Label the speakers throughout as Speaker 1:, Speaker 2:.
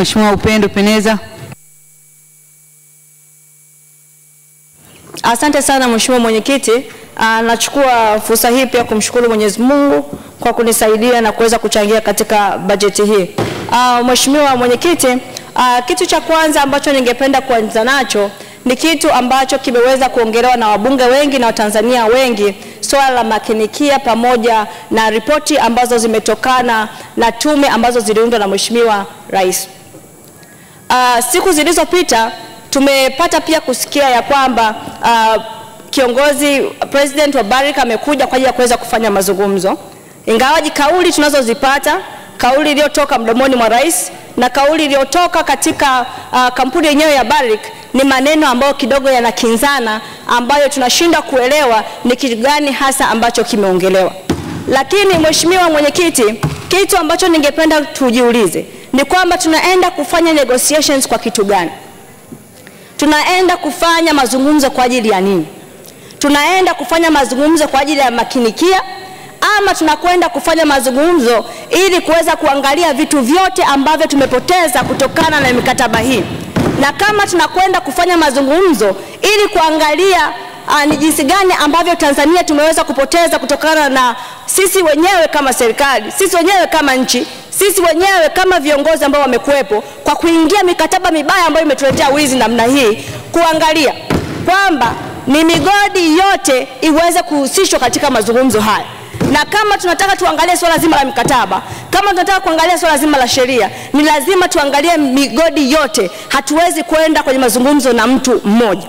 Speaker 1: Mheshimiwa Upendo Peneza.
Speaker 2: Asante sana Mheshimiwa Mwenyekiti. Ah, nachukua fursa hii pia kumshukuru Mwenyezi Mungu kwa kunisaidia na kuweza kuchangia katika bajeti hii. Ah, Mheshimiwa Mwenyekiti, ah, kitu cha kwanza ambacho ningependa kuanza nacho ni kitu ambacho kimeweza kuongelewa na wabunge wengi na Watanzania wengi, swala la makinikia pamoja na ripoti ambazo zimetokana na tume ambazo ziliundwa na Mheshimiwa Rais. Uh, siku zilizopita tumepata pia kusikia ya kwamba uh, kiongozi president wa Barrick amekuja kwa ajili ya kuweza kufanya mazungumzo, ingawaji kauli tunazozipata kauli iliyotoka mdomoni mwa rais na kauli iliyotoka katika uh, kampuni yenyewe ya Barrick ni maneno ambayo kidogo yanakinzana, ambayo tunashindwa kuelewa ni kitu gani hasa ambacho kimeongelewa. Lakini mheshimiwa mwenyekiti, kitu ambacho ningependa tujiulize ni kwamba tunaenda kufanya negotiations kwa kitu gani? Tunaenda kufanya mazungumzo kwa ajili ya nini? Tunaenda kufanya mazungumzo kwa ajili ya makinikia ama tunakwenda kufanya mazungumzo ili kuweza kuangalia vitu vyote ambavyo tumepoteza kutokana na mikataba hii, na kama tunakwenda kufanya mazungumzo ili kuangalia ah, ni jinsi gani ambavyo Tanzania tumeweza kupoteza kutokana na sisi wenyewe kama serikali, sisi wenyewe kama nchi sisi wenyewe kama viongozi ambao wamekuwepo kwa kuingia mikataba mibaya ambayo imetuletea wizi namna hii, kuangalia kwamba ni migodi yote iweze kuhusishwa katika mazungumzo haya na kama tunataka tuangalie swala zima la mikataba, kama tunataka kuangalia swala zima la sheria, ni lazima tuangalie migodi yote. Hatuwezi kwenda kwenye mazungumzo na mtu mmoja.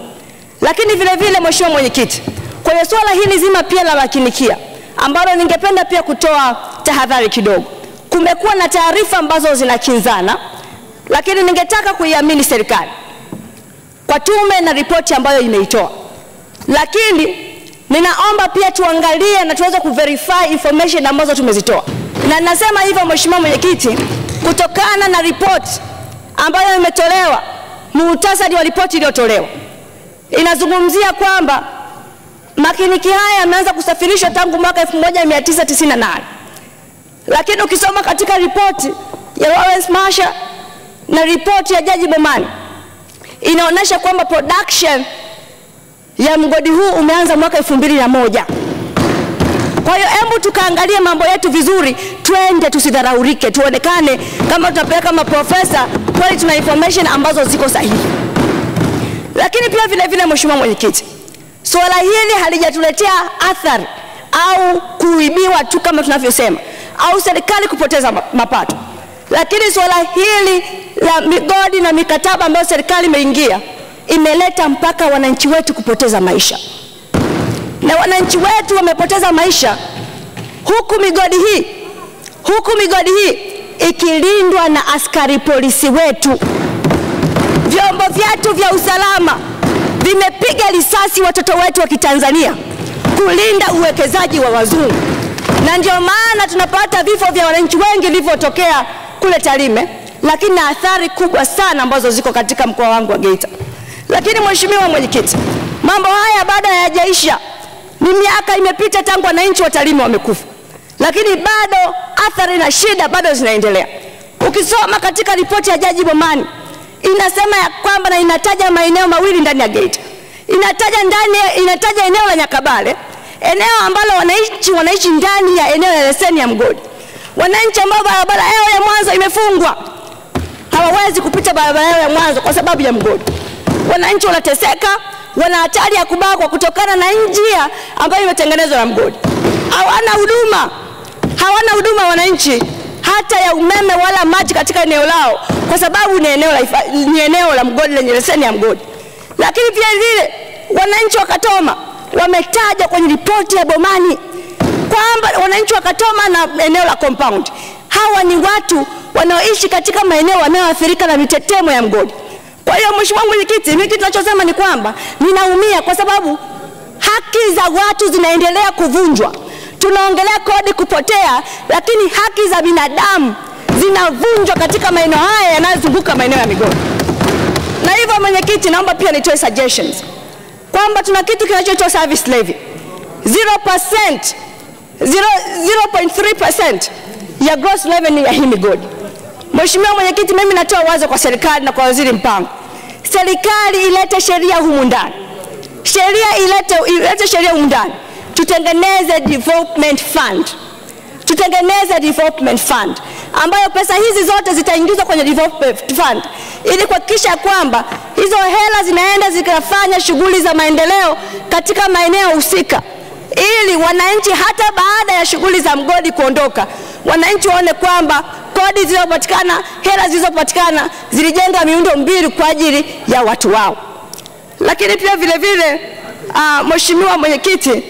Speaker 2: Lakini vile vile, Mheshimiwa Mwenyekiti, kwenye swala hili zima pia la makinikia, ambalo ningependa pia kutoa tahadhari kidogo kumekuwa na taarifa ambazo zinakinzana, lakini ningetaka kuiamini serikali kwa tume na ripoti ambayo imeitoa, lakini ninaomba pia tuangalie na tuweze kuverify information ambazo tumezitoa, na nasema hivyo Mheshimiwa Mwenyekiti, kutokana na ripoti ambayo imetolewa, muhtasari wa ripoti iliyotolewa inazungumzia kwamba makiniki haya yameanza kusafirishwa tangu mwaka 1998 lakini ukisoma katika ripoti ya Lawrence Masha na ripoti ya Jaji Bomani inaonyesha kwamba production ya mgodi huu umeanza mwaka elfu mbili na moja. Kwa hiyo hebu tukaangalie mambo yetu vizuri, twende tusidharaurike, tuonekane kama tunapeleka maprofesa kweli, tuna information ambazo ziko sahihi. Lakini pia vile vile, Mheshimiwa Mwenyekiti, suala hili halijatuletea athari au kuibiwa tu kama tunavyosema au serikali kupoteza mapato. Lakini suala hili la migodi na mikataba ambayo serikali imeingia imeleta mpaka wananchi wetu kupoteza maisha, na wananchi wetu wamepoteza maisha huku migodi hii huku migodi hii ikilindwa na askari polisi wetu. Vyombo vyetu vya usalama vimepiga risasi watoto wetu wa Kitanzania kulinda uwekezaji wa wazungu na ndio maana tunapata vifo vya wananchi wengi vilivyotokea kule Tarime, lakini na athari kubwa sana ambazo ziko katika mkoa wangu wa Geita. Lakini mheshimiwa mwenyekiti, mambo haya bado hayajaisha. Ni miaka imepita tangu wananchi wa Tarime wamekufa, lakini bado athari na shida bado zinaendelea. Ukisoma katika ripoti ya Jaji Bomani inasema ya kwamba na inataja maeneo mawili ndani ya Geita, inataja ndani, inataja eneo la Nyakabale eneo ambalo wananchi wanaishi ndani ya eneo la leseni ya mgodi. Wananchi ambao barabara yao ya Mwanza imefungwa hawawezi kupita barabara yao ya Mwanza kwa sababu ya mgodi. Wananchi wanateseka, wana hatari ya kubakwa kutokana na njia ambayo imetengenezwa na mgodi. Hawana huduma, hawana huduma wananchi hata ya umeme wala maji katika eneo lao, kwa sababu ni eneo la, ni eneo la mgodi lenye leseni ya mgodi. Lakini pia vile wananchi wakatoma wametaja kwenye ripoti ya Bomani kwamba wananchi wakatoma na eneo la compound hawa ni watu wanaoishi katika maeneo wanayoathirika na mitetemo ya mgodi. Kwa hiyo Mheshimiwa Mwenyekiti, mimi tunachosema ni kwamba ninaumia kwa sababu haki za watu zinaendelea kuvunjwa. Tunaongelea kodi kupotea, lakini haki za binadamu zinavunjwa katika maeneo haya yanayozunguka maeneo ya migodi. Na hivyo, mwenyekiti, naomba pia nitoe suggestions kwamba tuna kitu kinachoitwa service levy 0%, 0.3% ya gross revenue ya hii migodi. Mheshimiwa Mwenyekiti, mimi natoa wazo kwa serikali na kwa Waziri Mpango, serikali ilete sheria humu ndani, sheria ilete, ilete sheria humu ndani, tutengeneze development fund, tutengeneze development fund ambayo pesa hizi zote zitaingizwa kwenye development fund ili kuhakikisha kwamba hizo hela zinaenda zikafanya shughuli za maendeleo katika maeneo husika, ili wananchi hata baada ya shughuli za mgodi kuondoka, wananchi waone kwamba kodi zilizopatikana, hela zilizopatikana zilijenga miundo mbili kwa ajili ya watu wao. Lakini pia vile vile, uh, Mheshimiwa Mwenyekiti,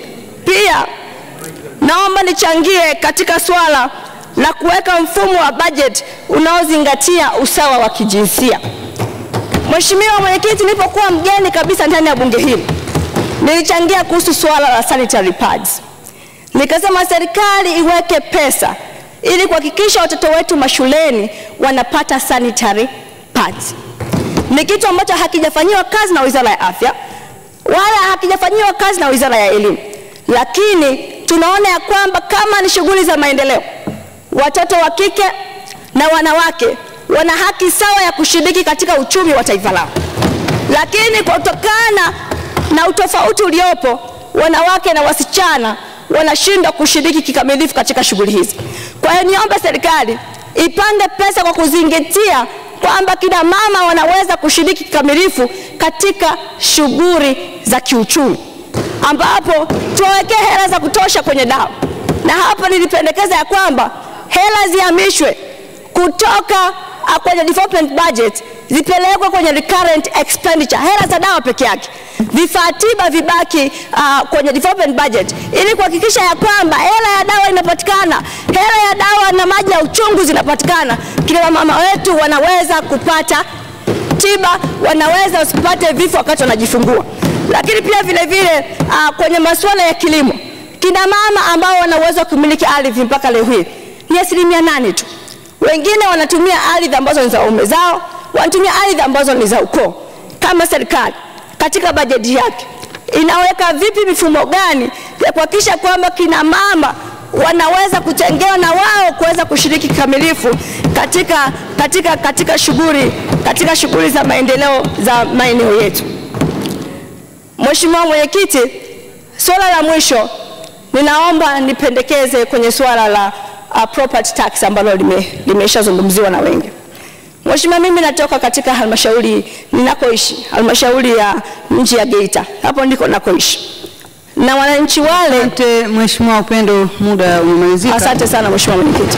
Speaker 2: pia naomba nichangie katika swala na kuweka mfumo wa bajeti unaozingatia usawa wa kijinsia. Mheshimiwa Mwenyekiti, nilipokuwa mgeni kabisa ndani ya bunge hili nilichangia kuhusu suala la sanitary pads, nikasema serikali iweke pesa ili kuhakikisha watoto wetu mashuleni wanapata sanitary pads. Ni kitu ambacho hakijafanyiwa kazi na Wizara ya Afya wala hakijafanyiwa kazi na Wizara ya Elimu, lakini tunaona ya kwamba kama ni shughuli za maendeleo Watoto wa kike na wanawake wana haki sawa ya kushiriki katika uchumi wa taifa lao, lakini kutokana na utofauti uliopo, wanawake na wasichana wanashindwa kushiriki kikamilifu katika shughuli hizi. Kwa hiyo niombe serikali ipange pesa kwa kuzingatia kwamba kina mama wanaweza kushiriki kikamilifu katika shughuli za kiuchumi, ambapo tuwawekee hela za kutosha kwenye dawa. Na hapa nilipendekeza ya kwamba hela zihamishwe kutoka kwenye development budget zipelekwe kwenye recurrent expenditure, hela za dawa peke yake, vifaa tiba vibaki uh, kwenye development budget ili kuhakikisha ya kwamba hela ya dawa inapatikana, hela ya dawa na maji ya uchungu zinapatikana, kila mama wetu wanaweza kupata tiba, wanaweza usipate vifo wakati wanajifungua. Lakini pia vile vile uh, kwenye masuala ya kilimo, kina mama ambao wana uwezo wa kumiliki ardhi mpaka leo hii ni asilimia nane tu. Wengine wanatumia ardhi ambazo ni za ume zao, wanatumia ardhi ambazo ni za ukoo. Kama serikali katika bajeti yake inaweka vipi mifumo gani ya kuhakikisha kwamba kina mama wanaweza kutengewa na wao kuweza kushiriki kikamilifu katika, katika, katika shughuli katika shughuli za maendeleo za maeneo yetu. Mheshimiwa Mwenyekiti, swala la mwisho ninaomba nipendekeze kwenye swala la uh, property tax ambalo limeshazungumziwa lime na wengi. Mheshimiwa, mimi natoka katika halmashauri ninakoishi, halmashauri ya mji ya Geita, hapo ndiko nakoishi na wananchi wale.
Speaker 1: Asante Mheshimiwa Upendo, muda umemalizika. Asante sana Mheshimiwa Mwenyekiti.